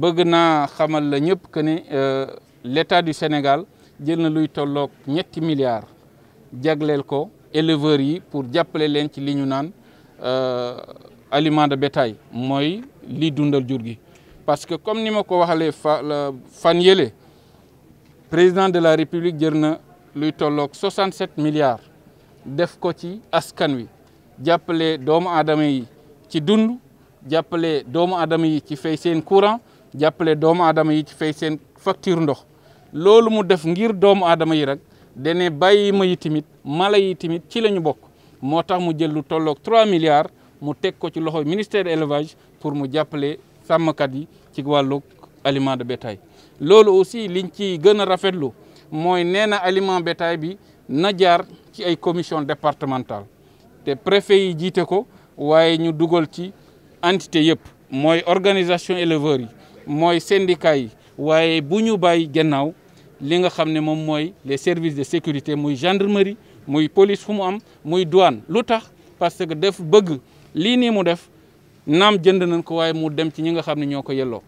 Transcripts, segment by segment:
bëgg naa xamal la ñëpp que ne euh, l'État du Sénégal jël na luy tollok ñetti milliards jagleel ko éleveur yi pour jappelé leen ci liñu naan euh aliment de bétail moy li dundal jur gi parce que comme ni ma ko waxalee fan yële président de la république jërna luy tollok 67 milliards def ko ci askan wi jappelé doomu aadama yi ci dund jappelé doomu aadama yi ci fay courant jàppale doomu aadama yi ci fay seen facture ndox loolu mu def ngir doomu aadama yi rek dene bàyyi ma yi tamit mala yi tamit ci la ñu bokk moo tax mu jël lu tolloog 3 milliards mu teg ko ci loxo ministère de l'élevage pour mu jàppale sàmmkat yi ci wàllu aliment de bétail. loolu aussi liñ ci gën a rafetlu mooy nee na aliment bétail bi na jaar ci ay commission départementale te préfet yi jiite ko waaye ñu dugal ci entité yëpp mooy organisation éleveurs yi. mooy syndicat yi waaye bu ñu bàyyi gannaaw li nga xam ne moom mooy les service de sécurité muy gendarmerie muy police fu mu am muy douane lu tax parce que def bëgg lii nii mu def naam jënd nañ ko waaye mu dem ci ñi nga xam ne ñoo ko yelloo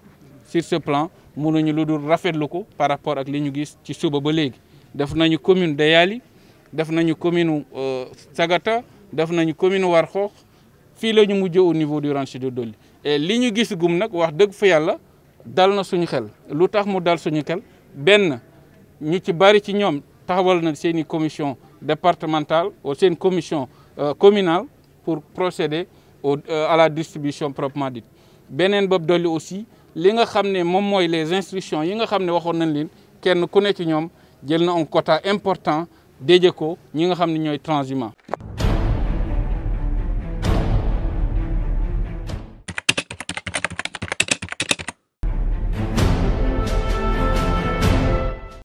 sur ce plan mënuñu lu dul rafetlu ko par rapport ak li ñu gis ci suba ba léegi def nañu commune de Yaali def nañu commune euh, Sagata def nañu commune Warxoox fii la ñu mujjee au niveau du ranch de Dolly et li ñu gis nag wax dëgg fa yàlla dal na suñu xel lu tax mu dal suñu xel ben ñi ci bari ci ñom taxawal na seen commission départementale ou seen commission euh, communale pour procéder au euh, à la distribution proprement dite benen bob doli aussi li nga xamné mom moy les instructions yi nga xamné waxon nañ leen kenn ku ne ci ñom jël na un quota important déje ko ñi nga xamné ñoy transhumant